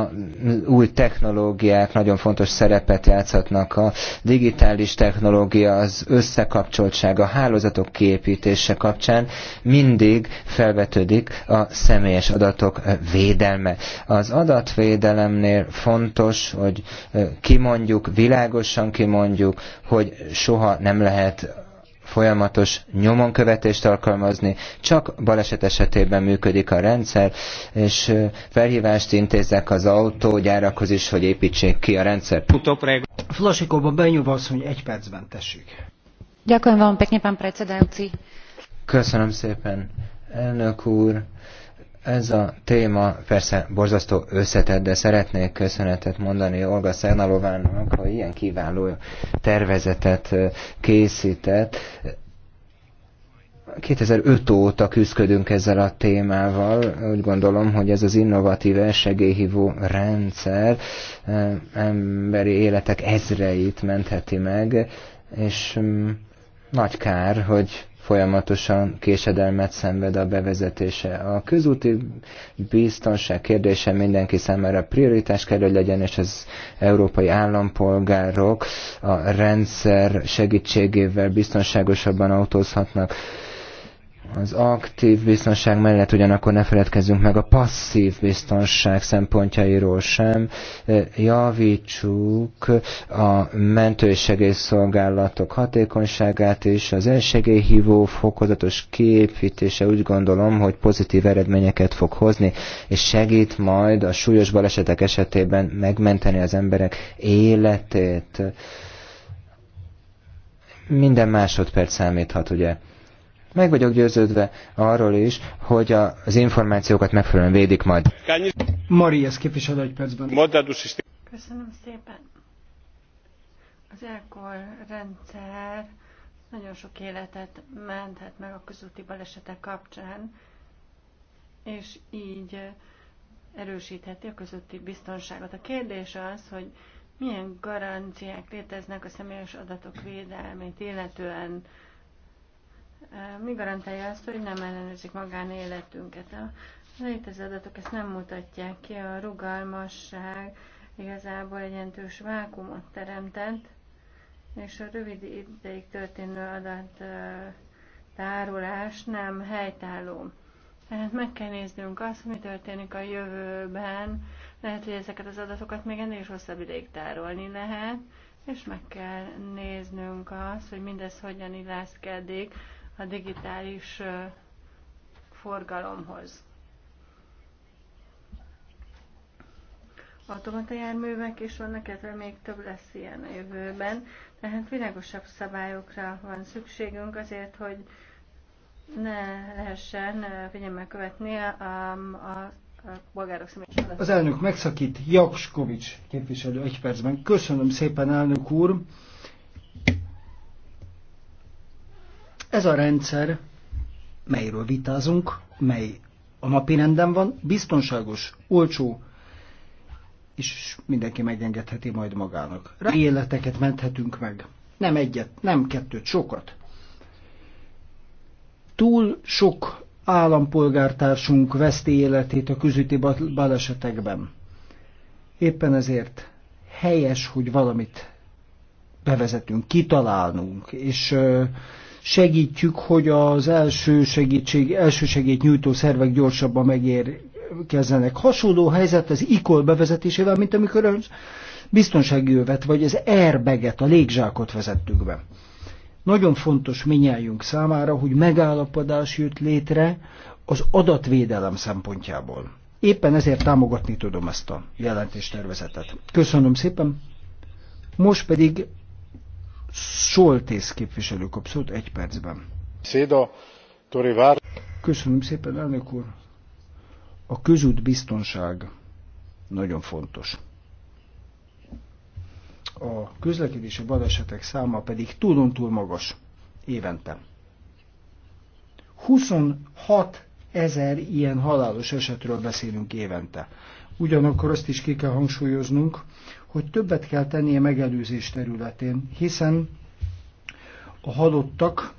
új technológiák nagyon fontos szerepet játszhatnak. A digitális technológia, az összekapcsoltság, a hálózatok kiépítése kapcsán mindig felvetődik a személyes adatok védelme. Az adatvédelemnél fontos, hogy kimondjuk, világosan kimondjuk, mondjuk, hogy soha nem lehet folyamatos nyomonkövetést alkalmazni, csak baleset esetében működik a rendszer, és felhívást intézek az autógyárakhoz is, hogy építsék ki a rendszer. Flasikóban benyúlva hogy egy percben tessék. Gyakorlom, pekne, pán Köszönöm szépen, elnök úr. Ez a téma persze borzasztó összetett, de szeretnék köszönetet mondani Olga Szernalovának, hogy ilyen kiváló tervezetet készített. 2005 óta küzdködünk ezzel a témával. Úgy gondolom, hogy ez az innovatív elsegélyhívó rendszer emberi életek ezreit mentheti meg, és mm, nagy kár, hogy folyamatosan késedelmet szenved a bevezetése. A közúti biztonság kérdése mindenki számára prioritás kell, hogy legyen, és az európai állampolgárok a rendszer segítségével biztonságosabban autózhatnak az aktív biztonság mellett ugyanakkor ne feledkezzünk meg a passzív biztonság szempontjairól sem. E, javítsuk a mentő és segélyszolgálatok hatékonyságát és az elsegélyhívó fokozatos képítése úgy gondolom, hogy pozitív eredményeket fog hozni, és segít majd a súlyos balesetek esetében megmenteni az emberek életét. Minden másodperc számíthat, ugye? Meg vagyok győződve arról is, hogy az információkat megfelelően védik majd. Mari, ez képviselő egy percben. Köszönöm szépen. Az elkor rendszer nagyon sok életet menthet meg a közúti balesetek kapcsán, és így erősítheti a közötti biztonságot. A kérdés az, hogy milyen garanciák léteznek a személyes adatok védelmét, illetően Eh, mi garantálja azt, hogy nem ellenőrzik magánéletünket? A létező adatok ezt nem mutatják ki, a rugalmasság igazából egy jelentős vákumot teremtett, és a rövid ideig történő adat eh, tárolás nem helytálló. Tehát meg kell néznünk azt, mi történik a jövőben. Lehet, hogy ezeket az adatokat még ennél is hosszabb ideig tárolni lehet, és meg kell néznünk azt, hogy mindez hogyan illeszkedik a digitális forgalomhoz. Automata járművek is vannak, illetve még több lesz ilyen a jövőben, tehát világosabb szabályokra van szükségünk azért, hogy ne lehessen figyelme követni a, a az elnök megszakít Jakskovics képviselő egy percben. Köszönöm szépen, elnök úr! Ez a rendszer, melyről vitázunk, mely a napi renden van, biztonságos, olcsó, és mindenki megengedheti majd magának. Rá életeket menthetünk meg. Nem egyet, nem kettőt, sokat. Túl sok állampolgártársunk veszti életét a közüti balesetekben. Éppen ezért helyes, hogy valamit bevezetünk, kitalálnunk, és segítjük, hogy az első, segítség, első segít nyújtó szervek gyorsabban megérkezzenek. Hasonló helyzet az ICOL bevezetésével, mint amikor a biztonsági övet, vagy az erbeget a légzsákot vezettük be. Nagyon fontos minnyájunk számára, hogy megállapodás jött létre az adatvédelem szempontjából. Éppen ezért támogatni tudom ezt a jelentéstervezetet. Köszönöm szépen. Most pedig Soltész képviselő kap szót egy percben. Széda, Vár. Köszönöm szépen, elnök úr. A közút biztonság nagyon fontos. A közlekedési balesetek száma pedig túlon túl magas évente. 26 ezer ilyen halálos esetről beszélünk évente. Ugyanakkor azt is ki kell hangsúlyoznunk, hogy többet kell tennie megelőzés területén, hiszen a halottak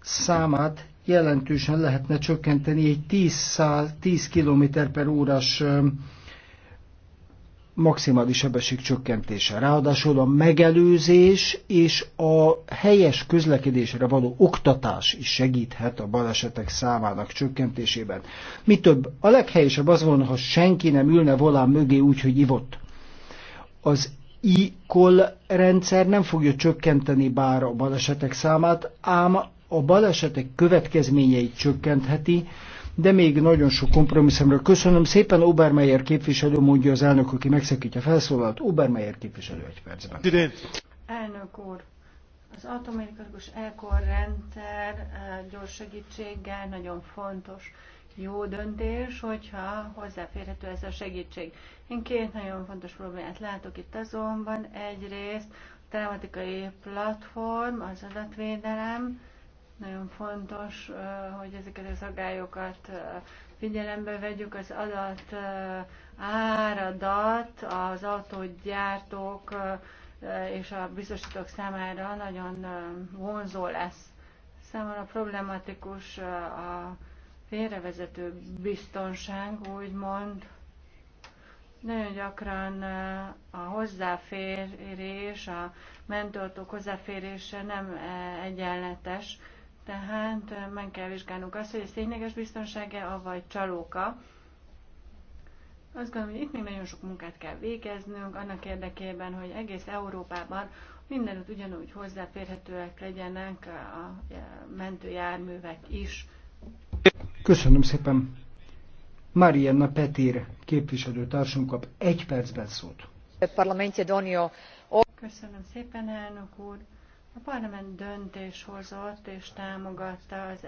számát jelentősen lehetne csökkenteni egy 10, 10 km per órás maximális sebesség csökkentése. Ráadásul a megelőzés és a helyes közlekedésre való oktatás is segíthet a balesetek számának csökkentésében. Mi több, a leghelyesebb az volna, ha senki nem ülne volán mögé úgy, hogy ivott. Az e rendszer nem fogja csökkenteni bár a balesetek számát, ám a balesetek következményeit csökkentheti, de még nagyon sok kompromisszumra. Köszönöm szépen, Obermeyer képviselő mondja az elnök, aki megszakítja felszólalt. Obermeyer képviselő egy percben. Elnök úr, az atomelektronikus elkorrendszer e, gyors segítséggel nagyon fontos jó döntés, hogyha hozzáférhető ez a segítség. Én két nagyon fontos problémát látok itt azonban. Egyrészt a telematikai platform, az adatvédelem, nagyon fontos, hogy ezeket az agályokat figyelembe vegyük, az adat áradat az autógyártók és a biztosítók számára nagyon vonzó lesz. Számomra problematikus a félrevezető biztonság, úgymond nagyon gyakran a hozzáférés, a mentőautók hozzáférése nem egyenletes tehát meg kell vizsgálnunk azt, hogy ez tényleges biztonsága, vagy csalóka. Azt gondolom, hogy itt még nagyon sok munkát kell végeznünk, annak érdekében, hogy egész Európában mindenütt ugyanúgy hozzáférhetőek legyenek a e, mentőjárművek is. Köszönöm szépen. Marianna Petir képviselőtársunk kap egy percben szót. Köszönöm szépen, elnök úr. A parlament döntés hozott és támogatta az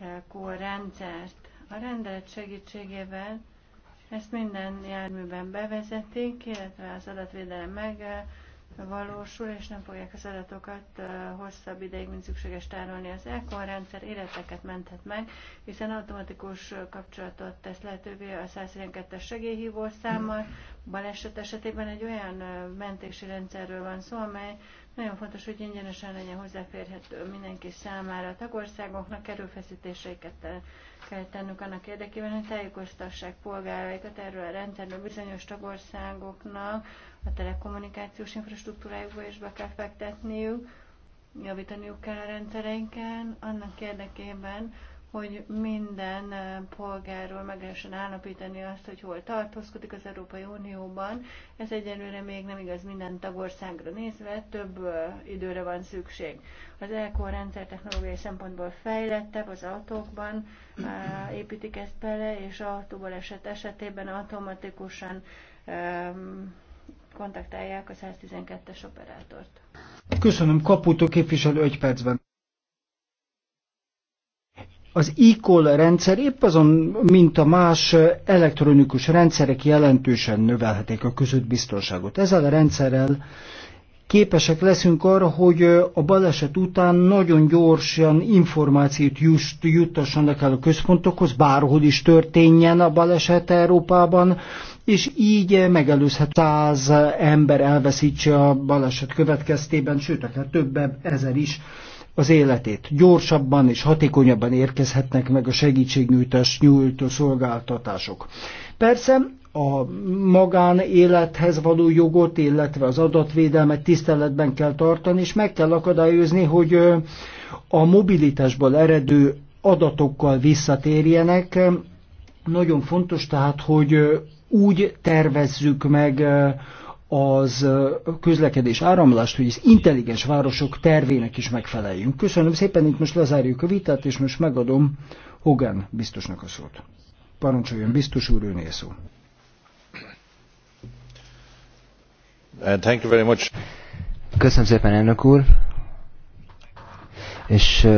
ELKO rendszert. A rendelet segítségével ezt minden járműben bevezetik, illetve az adatvédelem megvalósul, és nem fogják az adatokat hosszabb ideig, mint szükséges tárolni. Az ECON rendszer életeket menthet meg, hiszen automatikus kapcsolatot tesz lehetővé a 112-es segélyhívó számmal. Baleset esetében egy olyan mentési rendszerről van szó, amely nagyon fontos, hogy ingyenesen legyen hozzáférhető mindenki számára. A tagországoknak erőfeszítéseiket kell tennünk annak érdekében, hogy tájékoztassák polgáraikat erről a rendszerről bizonyos tagországoknak a telekommunikációs infrastruktúrájukba is be kell fektetniük, javítaniuk kell a rendszereinken annak érdekében, hogy minden eh, polgárról meg lehessen állapítani azt, hogy hol tartózkodik az Európai Unióban. Ez egyelőre még nem igaz minden tagországra nézve, több eh, időre van szükség. Az ECO rendszer technológiai szempontból fejlettebb, az autókban eh, építik ezt bele, és eset esetében automatikusan kontaktálják a 112-es operátort. Köszönöm, kaputó képviselő 5 percben. Az e rendszer épp azon, mint a más elektronikus rendszerek jelentősen növelhetik a között biztonságot. Ezzel a rendszerrel képesek leszünk arra, hogy a baleset után nagyon gyorsan információt just, juttassanak el a központokhoz, bárhol is történjen a baleset Európában, és így megelőzhet száz ember elveszítse a baleset következtében, sőt, akár több ezer is az életét. Gyorsabban és hatékonyabban érkezhetnek meg a segítségnyújtás nyújtó szolgáltatások. Persze a magánélethez való jogot, illetve az adatvédelmet tiszteletben kell tartani, és meg kell akadályozni, hogy a mobilitásból eredő adatokkal visszatérjenek. Nagyon fontos tehát, hogy úgy tervezzük meg az közlekedés áramlást, hogy az intelligens városok tervének is megfeleljünk. Köszönöm szépen, itt most lezárjuk a vitát, és most megadom Hogan biztosnak a szót. Parancsoljon, biztos úr, ő szó. Köszönöm szépen, elnök úr és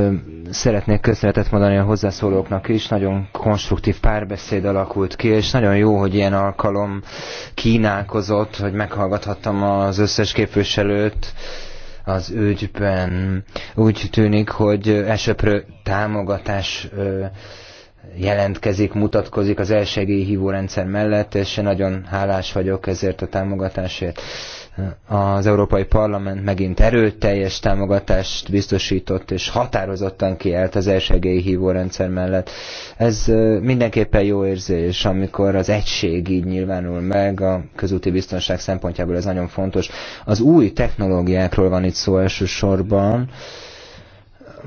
szeretnék köszönetet mondani a hozzászólóknak is, nagyon konstruktív párbeszéd alakult ki, és nagyon jó, hogy ilyen alkalom kínálkozott, hogy meghallgathattam az összes képviselőt az ügyben. Úgy tűnik, hogy elsőprő támogatás jelentkezik, mutatkozik az elsegélyi hívórendszer mellett, és nagyon hálás vagyok ezért a támogatásért. Az Európai Parlament megint erőteljes támogatást biztosított, és határozottan kiállt az elsegélyi hívórendszer mellett. Ez mindenképpen jó érzés, amikor az egység így nyilvánul meg, a közúti biztonság szempontjából ez nagyon fontos. Az új technológiákról van itt szó elsősorban,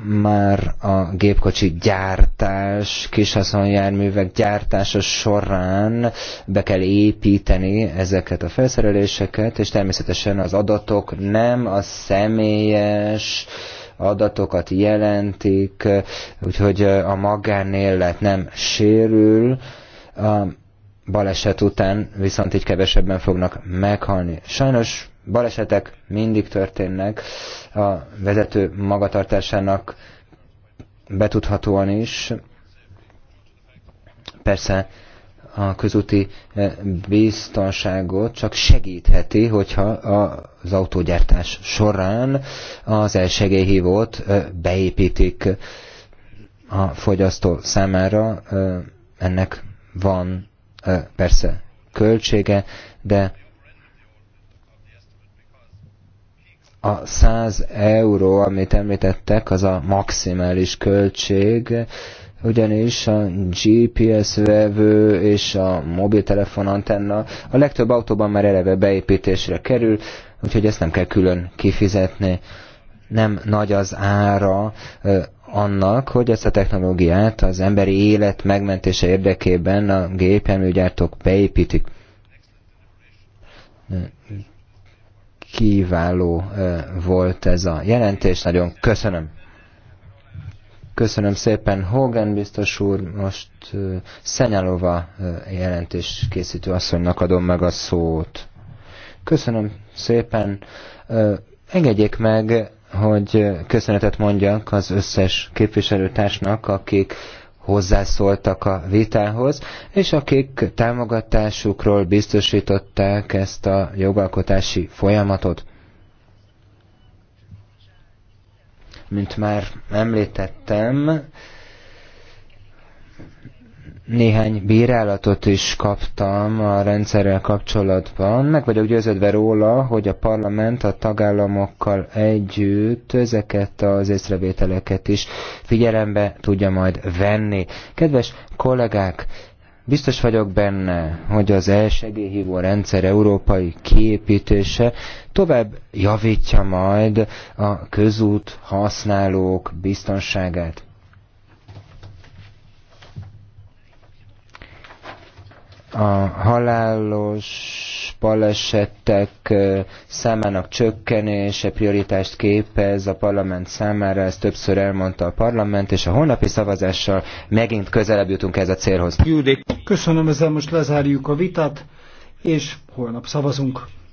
már a gépkocsi gyártás, kishaszonjárművek gyártása során be kell építeni ezeket a felszereléseket, és természetesen az adatok nem a személyes adatokat jelentik, úgyhogy a magánélet nem sérül baleset után viszont így kevesebben fognak meghalni. Sajnos balesetek mindig történnek, a vezető magatartásának betudhatóan is. Persze a közúti eh, biztonságot csak segítheti, hogyha az autógyártás során az elsegélyhívót eh, beépítik a fogyasztó számára. Eh, ennek van persze költsége, de a 100 euró, amit említettek, az a maximális költség, ugyanis a GPS vevő és a mobiltelefon antenna a legtöbb autóban már eleve beépítésre kerül, úgyhogy ezt nem kell külön kifizetni. Nem nagy az ára annak, hogy ezt a technológiát az emberi élet megmentése érdekében a gépjárműgyártók beépítik. Kiváló volt ez a jelentés, nagyon köszönöm. Köszönöm szépen Hogan biztos úr, most Szenyalova jelentés készítő asszonynak adom meg a szót. Köszönöm szépen. Engedjék meg hogy köszönetet mondjak az összes képviselőtársnak, akik hozzászóltak a vitához, és akik támogatásukról biztosították ezt a jogalkotási folyamatot. Mint már említettem, néhány bírálatot is kaptam a rendszerrel kapcsolatban. Meg vagyok győződve róla, hogy a parlament a tagállamokkal együtt ezeket az észrevételeket is figyelembe tudja majd venni. Kedves kollégák, Biztos vagyok benne, hogy az elsegélyhívó rendszer európai kiépítése tovább javítja majd a közút használók biztonságát. a halálos balesetek számának csökkenése prioritást képez a parlament számára, ezt többször elmondta a parlament, és a holnapi szavazással megint közelebb jutunk ez a célhoz. Köszönöm, ezzel most lezárjuk a vitát, és holnap szavazunk.